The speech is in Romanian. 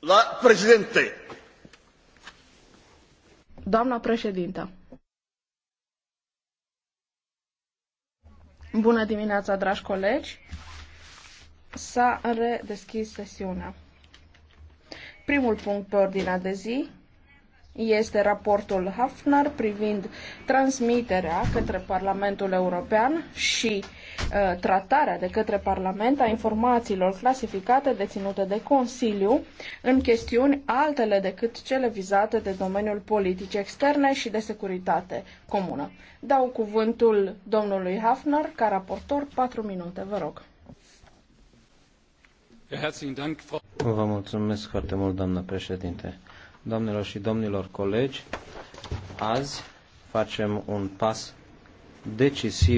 La președinte. Doamna președintă. Bună dimineața, dragi colegi. S-a redeschis sesiunea. Primul punct pe ordinea de zi este raportul Hafner privind transmiterea către Parlamentul European și uh, tratarea de către Parlament a informațiilor clasificate deținute de Consiliu în chestiuni altele decât cele vizate de domeniul politic externe și de securitate comună. Dau cuvântul domnului Hafner ca raportor 4 minute, vă rog. Vă mulțumesc foarte mult, doamnă președinte doamnelor și domnilor colegi, azi facem un pas decisiv